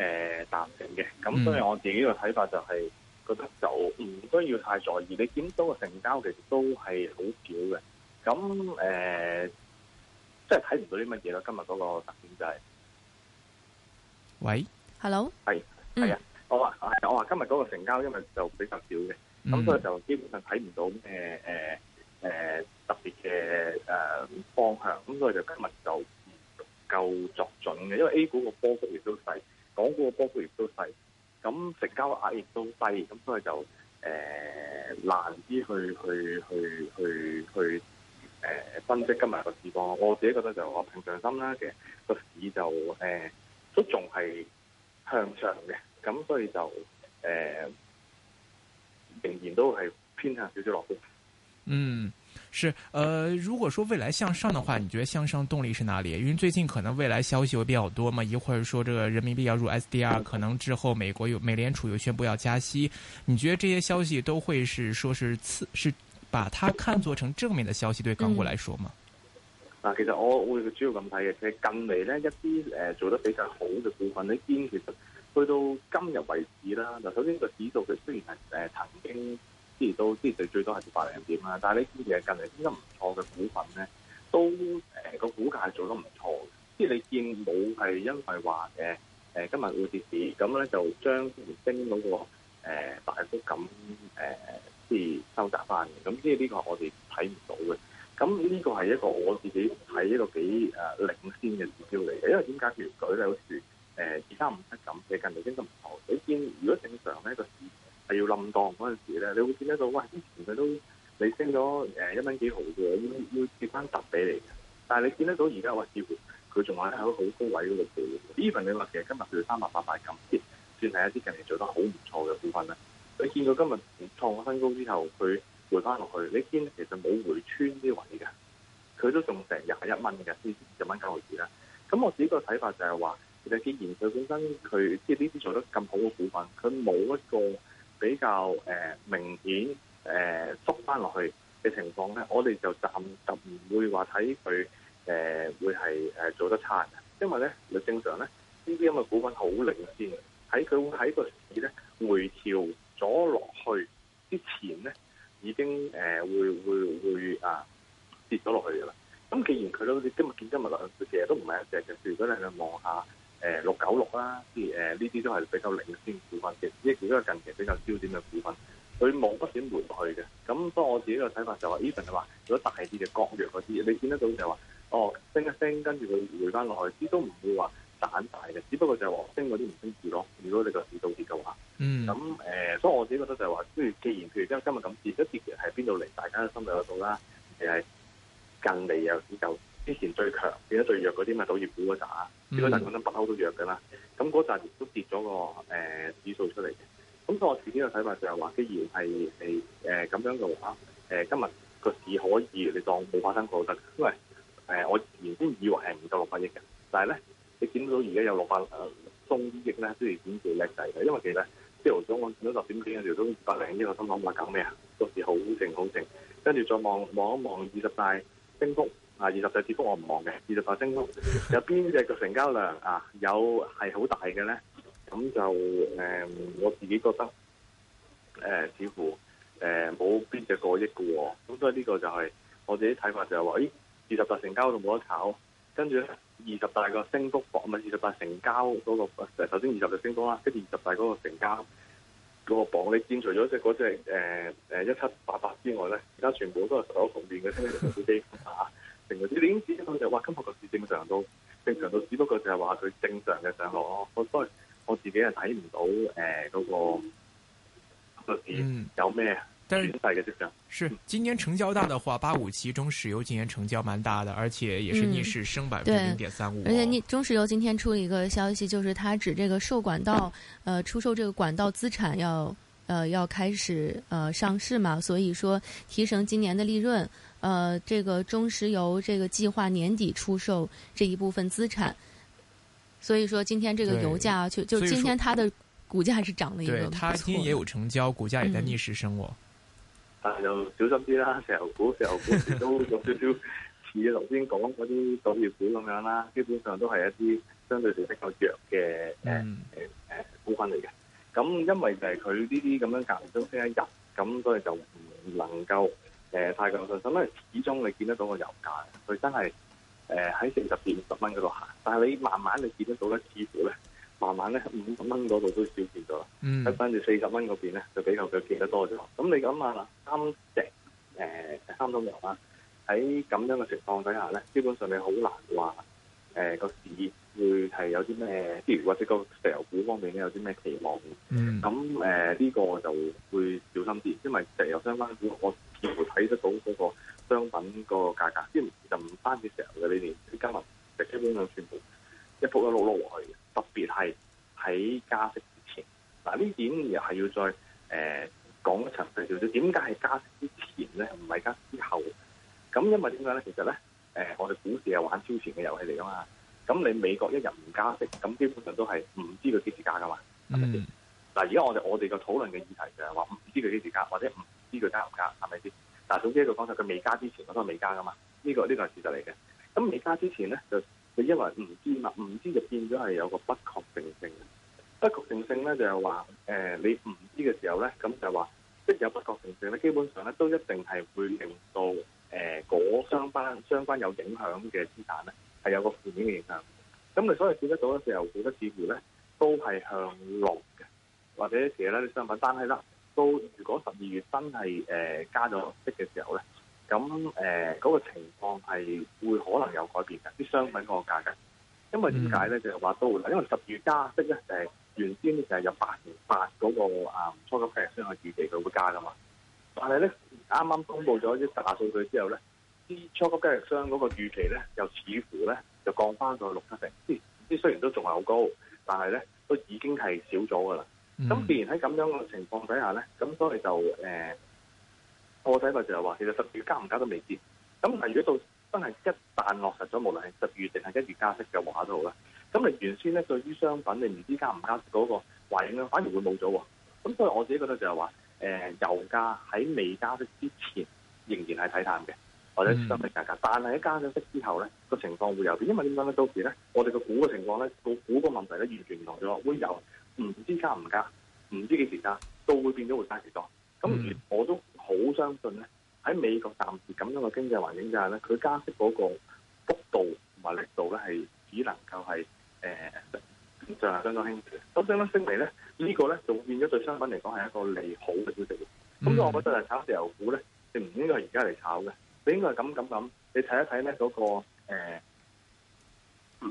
誒、嗯，淡嘅，咁所以我自己個睇法就係覺得就唔需要太在意，你見到個成交其實都係好少嘅，咁誒、嗯，即係睇唔到啲乜嘢咯。今日嗰個特點就係、是，喂，Hello，係，係啊、嗯，我話，我話今日嗰個成交因為就比較少嘅，咁所以就基本上睇唔到咩，誒、呃，誒、呃，特別嘅誒方向，咁所以就今日就唔夠作準嘅，因為 A 股個波幅亦都細。港股嘅波幅亦都細，咁成交額亦都低，咁所以就誒、呃、難啲去去去去去誒、呃、分析今日個市況。我自己覺得就我平常心啦，嘅個市就誒、呃、都仲係向上嘅，咁所以就誒、呃、仍然都係偏向少少樂觀。嗯。是，呃，如果說未來向上的話，你覺得向上動力是哪裏？因為最近可能未來消息會比較多嘛，一會兒說這個人民幣要入 SDR，可能之後美國有美聯儲又宣布要加息，你覺得這些消息都會是說是次是把它看作成正面的消息對港股來說嗎？嗯、啊其實我我會主要咁睇嘅，其實近嚟呢，一啲誒、呃、做得比較好嘅股份咧，堅其實去到今日為止啦，首先個指數佢雖然係誒曾經。呃啲都啲最最多係百零點啦，但係呢啲嘢近嚟升得唔錯嘅股份咧，都個、呃、股價做得唔錯，即係你見冇係因為話誒、呃、今日會跌市，咁咧就將升到、個、呃、大幅咁誒，即係收窄翻嚟。咁即係呢個，係我自己睇唔到嘅。咁呢個係一個我自己睇一個幾誒領先嘅指標嚟嘅，因為點解譬如舉例好似誒二三五七咁，佢、呃、近嚟升得唔錯，你見如果正常咧、個市。係要冧當嗰陣時咧，你會見得到哇！之前佢都你升咗誒一蚊幾毫嘅，要要接翻特俾你嘅。但係你見得到而家話似乎，佢仲係喺好高位嗰度接。even 你話其實今日佢三百八咁金，算係一啲近年做得好唔錯嘅股份啦。你見到今日創新高之後，佢回翻落去，你見其實冇回穿啲位嘅，佢都仲成廿一蚊嘅，先十蚊九毫子啦。咁我自己個睇法就係話，其實既然佢本身佢即係呢啲做得咁好嘅股份，佢冇一個。比較誒、呃、明顯誒、呃、縮翻落去嘅情況咧，我哋就暫時唔會話睇佢誒會係誒做得差，因為咧，正常咧呢啲咁嘅股份好領先，喺佢會喺個市咧回調咗落去之前咧，已經誒、呃、會會會啊跌咗落去嘅啦。咁既然佢都好似今日見今日落去，其實都唔係一隻嘅。如果你係去望下。誒六九六啦，即係呢啲都係比較領先股份嘅，亦都係近期比較焦點嘅股份，佢冇乜點回落去嘅。咁當我自己嘅睇法就係，even 係話，如果大啲嘅國藥嗰啲，你見得到就係話，哦升一升，跟住佢回翻落去，啲都唔會話彈大嘅，只不過就係話升嗰啲唔升住咯。如果你個市道跌嘅話，咁、嗯、誒、呃，所以我自己覺得就係、是、話，即係既然，既然譬如今，因今日咁跌，咁跌嘅係邊度嚟？大家心裏度啦，係係近嚟有啲有。之前最強變咗最弱嗰啲咪賭業股嗰扎，嗰扎嗰啲不嬲都弱噶啦。咁嗰陣亦都跌咗個誒、呃、指數出嚟。咁所以我自己嘅睇法就係話，既然係係誒咁樣嘅話，誒、呃、今日個市可以你當冇發生過都得，因為誒、呃、我原先以為係唔夠六百億嘅，但係咧你見到而家有六百誒中億咧，都係顯示叻仔嘅，因為其實咧朝頭早我見到十點幾，條都二百零億，我心諗唔係搞咩啊？嗰時好靜好靜，跟住再望望一望二十大升幅。啊！二十大跌幅我唔望嘅，二十大升幅有邊隻嘅成交量啊？有係好大嘅咧，咁就誒、呃、我自己覺得誒、呃、似乎誒冇邊隻過億嘅喎，咁所以呢個就係、是、我自己睇法就係、是、話，咦、哎，二十大成交度冇得炒，跟住咧二十大個升幅榜咪二十大成交嗰、那個首先二十大升幅啦，跟住二十大嗰個成交嗰個榜，你見除咗隻嗰隻誒誒一七八八之外咧，而家全部都係十一路連嘅升幅啊！ 你已經知道就係話，今日個市正常都正常都只不過就係話佢正常嘅上落。我我自己睇唔到但、呃那個那個那個、嗯，有咩？嘅是今年成交大的話，八五七中石油今年成交蠻大的，而且也是逆市升百分之零點三五。而且，你中石油今天出了一個消息，就是它指這個售管道，呃，出售這個管道資產要。呃，要開始呃上市嘛，所以說提升今年的利潤。呃，這個中石油這個計劃年底出售這一部分資產，所以說今天這個油價就就今天它的股價是漲了一個。對，它今天也有成交，股價也在逆勢升。啊，有嗯、 就小心啲啦，石油股、石油股都有少少似頭先講嗰啲酒業股咁樣啦，基本上都係一啲相對性比較弱嘅誒誒誒股份嚟嘅。咁因為就係佢呢啲咁樣隔離都即一日，咁所以就唔能夠、呃、太夠信心，因為始終你見得到個油價，佢真係喺四十至五十蚊嗰度行，但係你慢慢你見得到咧，似乎咧慢慢咧五十蚊嗰度都少見咗，喺跟住四十蚊嗰邊咧就比較佢見得多咗。咁你咁啦三隻、呃、三桶油啊，喺咁樣嘅情況底下咧，基本上你好難話個、呃、市。會係有啲咩，譬如或者個石油股方面咧有啲咩期望？咁誒呢個就會小心啲，因為石油相關股我似乎睇得到嗰個商品個價格，即係唔單止石油嘅你哋，啲金屬其實基本上全部一仆一碌碌落去，特別係喺加息之前。嗱呢點又係要再誒講、呃、詳細少少，點解係加息之前咧，唔係加息之後？咁因為點解咧？其實咧，誒、呃、我哋股市係玩超前嘅遊戲嚟噶嘛。咁你美國一日唔加息，咁基本上都係唔知佢幾時加噶嘛？係咪先？嗱、嗯，而家我哋我哋嘅討論嘅議題就係話唔知佢幾時加，或者唔知佢加唔加，係咪先？嗱，總之一個講法，佢未加之前我都係未加噶嘛？呢、呢個呢、呢個係事實嚟嘅。咁未加之前咧，就就因為唔知嘛，唔知就變咗係有個不確定性。不確定性咧就係話，誒、呃、你唔知嘅時候咧，咁就話即係有不確定性咧，基本上咧都一定係會令到誒嗰、呃、相關相關有影響嘅資產咧。係有個負面嘅影響，咁你所以見得到嘅時候，股嘅似乎咧都係向落嘅，或者成日咧啲商品單起啦，都如果十二月真係誒、呃、加咗息嘅時候咧，咁誒嗰個情況係會可能有改變嘅，啲商品個價格，因為點解咧就係、是、話都會，因為十二月加息咧，誒原先就係有八成八嗰個誒、啊、初級嘅相關預期佢會加噶嘛，但係咧啱啱公布咗啲大數據之後咧。初級交易商嗰個預期咧，又似乎咧就降翻到六七成。即雖然都仲係好高，但係咧都已經係少咗噶啦。咁、嗯、既然喺咁樣嘅情況底下咧，咁所以就誒、呃，我睇法就係、是、話，其實十月加唔加都未知。咁但如果到真係一旦落實咗，無論係十月定係一月加息嘅話都好啦。咁你原先咧對於商品你唔知加唔加息嗰、那個環境咧，反而會冇咗喎。咁所以我自己覺得就係、是、話，誒、呃、油價喺未加息之前，仍然係睇淡嘅。或者商品價格，但係一加咗息之後咧，個情況會有變，因為點解咧？到時咧，我哋個股嘅情況咧，個股嘅問題咧，完全唔同咗，會有唔知加唔加，唔知幾時加，都會變咗會加幾多。咁我都好相信咧，喺美國暫時咁樣嘅經濟環境之下咧，佢加息嗰個幅度同埋力度咧，係只能夠係誒、呃這個，就係相當輕微，咁相當輕微嚟咧？呢個咧，仲變咗對商品嚟講係一個利好嘅消息。咁、嗯、我覺得啊，炒石油股咧，就唔應該而家嚟炒嘅。你應該係咁咁諗，你睇一睇咧嗰個誒、呃、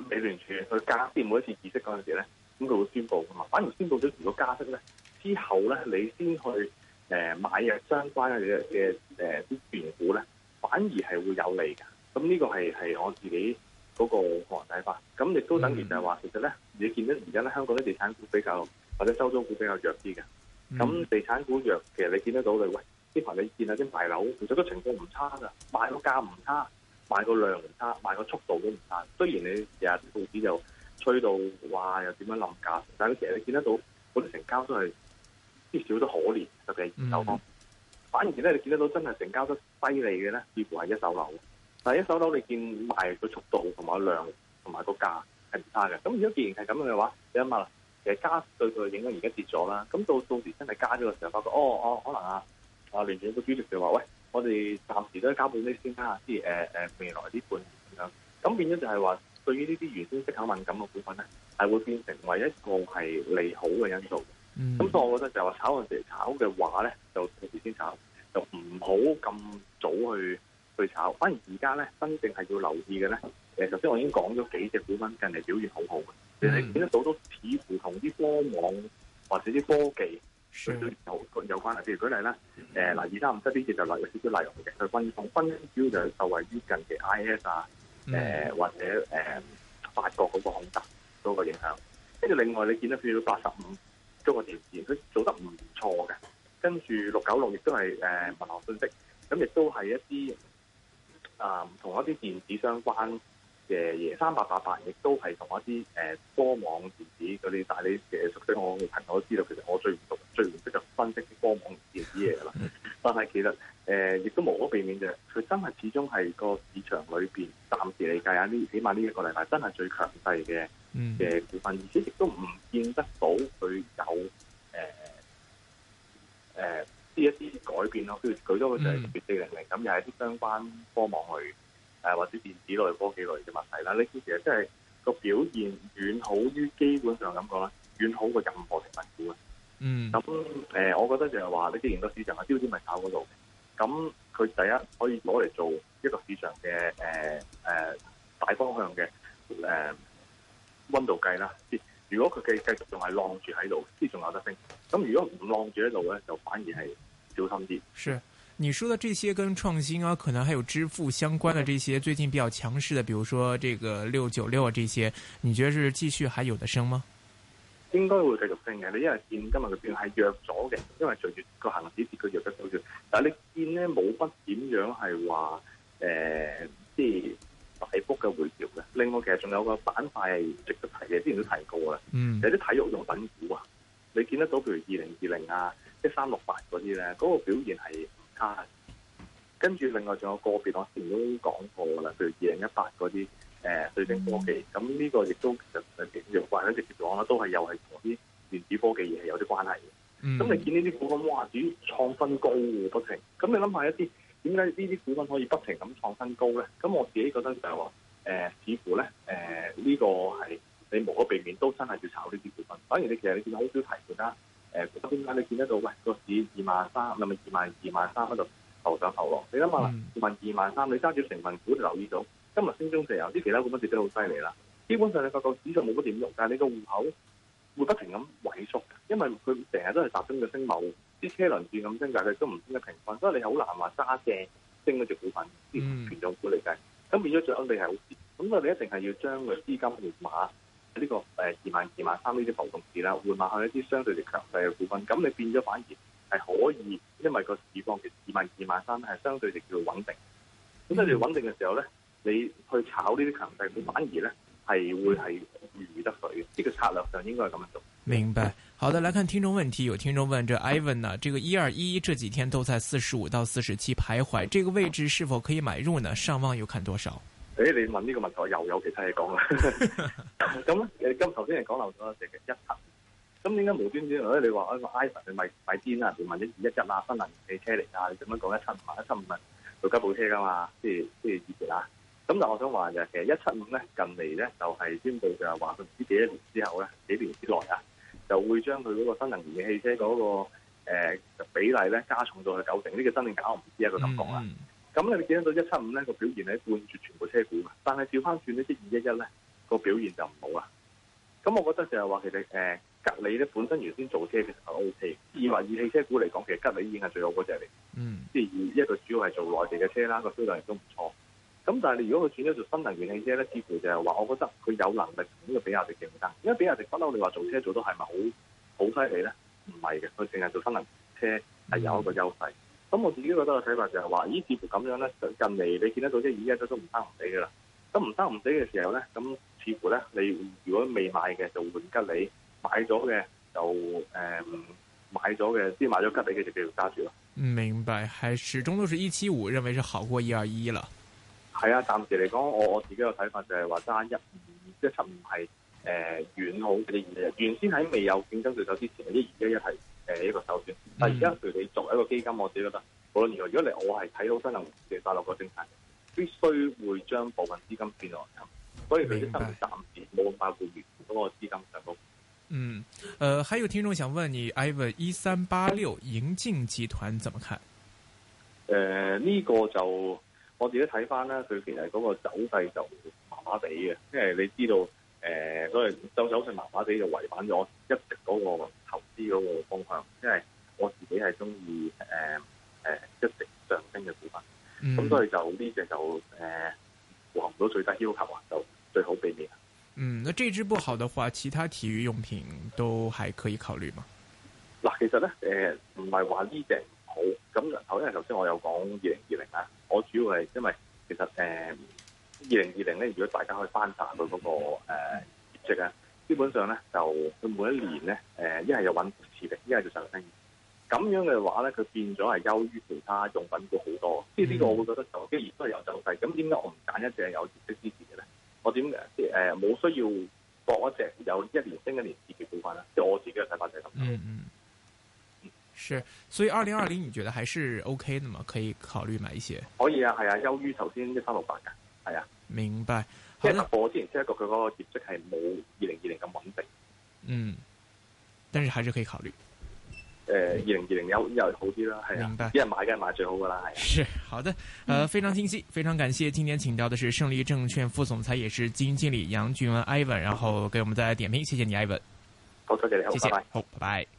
美聯儲去加息，每一次議息嗰陣時咧，咁佢會宣布噶嘛？反而宣布咗如果加息咧，之後咧你先去誒、呃、買入相關嘅嘅誒啲權股咧，反而係會有利噶。咁呢個係係我自己嗰個個人睇法。咁亦都等於就係話，其實咧你見得而家咧香港啲地產股比較或者收租股比較弱啲嘅，咁地產股弱，其實你見得到嘅喂。呢排你見下啲賣樓其實都情況唔差噶，賣個價唔差，賣個量唔差，賣個速度都唔差。雖然你成日啲報紙就吹到話又點樣冧價，但係其實你見得到好多成交都係少得可憐，尤其係二手房，mm -hmm. 反而咧你見得到真係成交得犀利嘅咧，似乎係一手樓。但係一手樓你見到賣個速度同埋量同埋個價係唔差嘅。咁如果既然係咁樣嘅話，你諗下啦，其實加對佢嘅影響而家跌咗啦。咁到到時真係加咗嘅時候，發覺哦，哦、哦、可能啊～啊！聯儲嘅主席就話，喂，我哋暫時都交畀你先啦，即係誒未來啲半年咁樣。咁變咗就係話，對於呢啲原先息口敏感嘅股份咧，係會變成為一個係利好嘅因素。咁、嗯、所以，我覺得就係話炒嗰陣時炒嘅話咧，就到時先炒，就唔好咁早去去炒。反而而家咧，真正係要留意嘅咧，誒、呃，頭先我已經講咗幾隻股份近嚟表現好好嘅，你見得到都似乎同啲科網或者啲科技、嗯、有有關，譬如舉例咧。誒、嗯、嗱，二三五七呢啲就嚟有少少內容嘅，佢關於統分標就受惠於近期 I S 啊，誒、嗯嗯嗯嗯、或者誒法國嗰個恐襲嗰個影響，跟住另外你見到去到八十五，嗰個電子佢做得唔錯嘅，跟住六九六亦都係誒物流信息，咁亦都係一啲啊同一啲電子相關。嘅嘢，三八八八亦都係同一啲誒科網電子嗰啲，但係你嘅熟悉我嘅朋友都知道，其實我最唔熟、最唔識就分析啲科網電子嘢啦。但係其實誒，亦、呃、都無可避免嘅，佢真係始終係個市場裏邊暫時嚟計啊！呢起碼呢一個禮拜真係最強勢嘅嘅股份，而且亦都唔見得到佢有誒誒呢一啲改變咯。譬如舉多個就係四零零咁，又係啲相關科網去。誒，或者電子類、科技類嘅問題啦，呢啲其實即係個表現遠好於基本上咁講啦，遠好過任何成分股啊。嗯。咁誒、呃，我覺得就係話，你既然個市場嘅焦點咪炒嗰度，咁佢第一可以攞嚟做一個市場嘅誒誒大方向嘅誒、呃、溫度計啦。如果佢繼繼續仲係浪住喺度，即仲有得升。咁如果唔浪住喺度咧，就反而係小心啲。是。你說的這些跟創新啊，可能還有支付相關的這些，最近比較強勢的，比如說這個六九六啊，這些，你覺得是繼續還有得升嗎？應該會繼續升嘅，你因為見今日佢變係弱咗嘅，因為隨住個恒指跌佢弱咗少少，但係你見呢，冇乜點樣係話誒，即係大幅嘅回調嘅。另外其實仲有個板塊係值得提嘅，之前都提過啦，嗯，有啲體育用品股啊，你見得到譬如二零二零啊，即係三六八嗰啲咧，嗰，那個表現係。啊！跟住另外仲有個別我前面都講過啦，譬如二零一八嗰啲誒水晶科技，咁呢個亦都其實係點樣掛咧？直接講啦，都係又係同啲電子科技嘢有啲關係嘅。咁、嗯、你見呢啲股份哇，只創新高不停。咁你諗下一啲點解呢啲股份可以不停咁創新高咧？咁我自己覺得就係話誒，似乎咧誒呢、呃這個係你無可避免都真係要炒呢啲股份。反而你其實你見到好少提及啦。誒，點解你見得到？喂、欸，個市二萬三，唔咪二萬二萬三喺度浮上浮落，你諗下啦，二萬二萬三，你揸住成分股，你留意到今日升中石油，啲其他股都跌得好犀利啦。基本上你個個市就冇乜點用，但係你個戶口會不停咁萎縮，因為佢成日都係集中嘅升樓，啲車輪轉咁升價，佢都唔升得平均，所以你好難話揸正升嗰隻股份，啲權重股嚟計。咁變咗最後你係好，咁但係你一定係要將個資金換碼。呢、這個誒二萬二萬三呢啲浮動市啦，換買去一啲相對地強勢嘅股份，咁你變咗反而係可以，因為個市況嘅二萬二萬三係相對地叫穩定。咁即係你穩定嘅時候咧，你去炒呢啲強勢，你反而咧係會係如魚得水嘅。呢、這個策略上應該係咁樣做。明白，好的，來看聽眾問題，有聽眾問：，這 Ivan 呢，這個一二一，這幾天都在四十五到四十七徘徊，這個位置是否可以買入呢？上望又看多少？以、哎、你問呢個問題，我又有其他嘢 講啦。咁誒，今頭先係講漏咗成一七咁點解無端端你話啊，個 Ivan 佢咪咪癲啊？點問一二一一啊？新能源汽車嚟㗎？你點樣講一七五一七五咪做吉普車㗎嘛？即係即係熱別啊！咁但我想話就係、是，其實一七五咧，近嚟咧就係、是、先到就係話佢唔知幾多年之後咧，幾年之內啊，就會將佢嗰個新能源嘅汽車嗰、那個、呃、比例咧加重到去九成。呢、這個真定假，搞唔知一個感覺啦。嗯嗯咁、嗯、你見得到一七五咧個表現喺貫住全部車股嘛？但係調翻轉呢，即二一一咧個表現就唔好啊。咁我覺得就係話其實誒，吉利咧本身原先做車其實係 OK。二或二汽車股嚟講，其實吉利已經係最好嗰隻嚟。嗯，即係二一個主要係做內地嘅車啦，個銷量亦都唔錯。咁但係你如果佢轉咗做新能源汽車咧，似乎就係話，我覺得佢有能力同呢個比亞迪競爭。因為比亞迪不嬲，你話做車做到係咪好好犀利咧？唔係嘅，佢淨係做新能源車係、嗯、有一個優勢。咁我自己覺得嘅睇法就係話，咦？近你不不不不呢似乎咁樣咧，近嚟你見得到啲二一一都唔生唔死噶啦。咁唔生唔死嘅時候咧，咁似乎咧，你如果未買嘅就換吉利，買咗嘅就誒、嗯、買咗嘅，先買咗吉利嘅就繼續揸住咯。明白，係始終都是一七五，認為是好過一二一啦。係啊，暫時嚟講，我我自己嘅睇法就係話揸一、二、一七唔係誒遠好嘅嘢嚟。原先喺未有競爭對手之前，啲二、一、一係。誒，一個手段，但係而家，佢哋作為一個基金，我自己覺得，無論如何，如果你我係睇到新一輪嘅大陸個政策，必須會將部分資金轉落嚟。所以佢啲暫時冇法會，咁我知得金成功。嗯，誒、嗯，還有聽眾想問你，Ivan 一三八六盈進集團怎麼看？誒、呃、呢、這個就我自己睇翻咧，佢其實嗰個走勢就麻麻地嘅，因為你知道，誒、呃，所以走走勢麻麻地就違反咗一直嗰、那個。啲、那、嗰個方向，因為我自己係中意誒誒一直上升嘅股份，咁所以就呢隻就誒劃唔到最佳要求啊，就最好避免。嗯，那這支不好的話，其他體育用品都還可以考慮嘛。嗱，其實咧誒，唔係話呢隻唔好，咁頭咧頭先我有講二零二零啊，我主要係因為其實誒二零二零咧，如果大家可以翻查佢嗰個誒業績咧。呃嗯呃基本上咧，就佢每一年咧，誒一係又揾錢嘅，一係做實體生意。咁樣嘅話咧，佢變咗係優於其他用品嘅好多。即係呢個我會覺得就依然都係有走勢。咁點解我唔揀一隻有業績支持嘅咧？我點誒冇需要博一隻有一年升一年跌嘅股份咧？就我自己嘅睇法就係咁。嗯嗯，是。所以二零二零，你覺得還是 OK 嘅嘛？可以考慮買一些。可以啊，係啊，優於頭先一三六八嘅。係啊，明白。即係我之前聽過佢嗰個業績係冇二零二零咁穩定。嗯，但是還是可以考慮。誒、呃，二零二零又又好啲啦，係啊。明白。啲人買梗係買最好噶啦，係。是，好的。誒、呃，非常清晰，非常感謝。今天請到的是勝利證券副總裁，也是基金經理楊俊文 Ivan 然後給我們再來點評，謝謝你 Ivan 好多謝,謝你，謝謝，好，拜拜。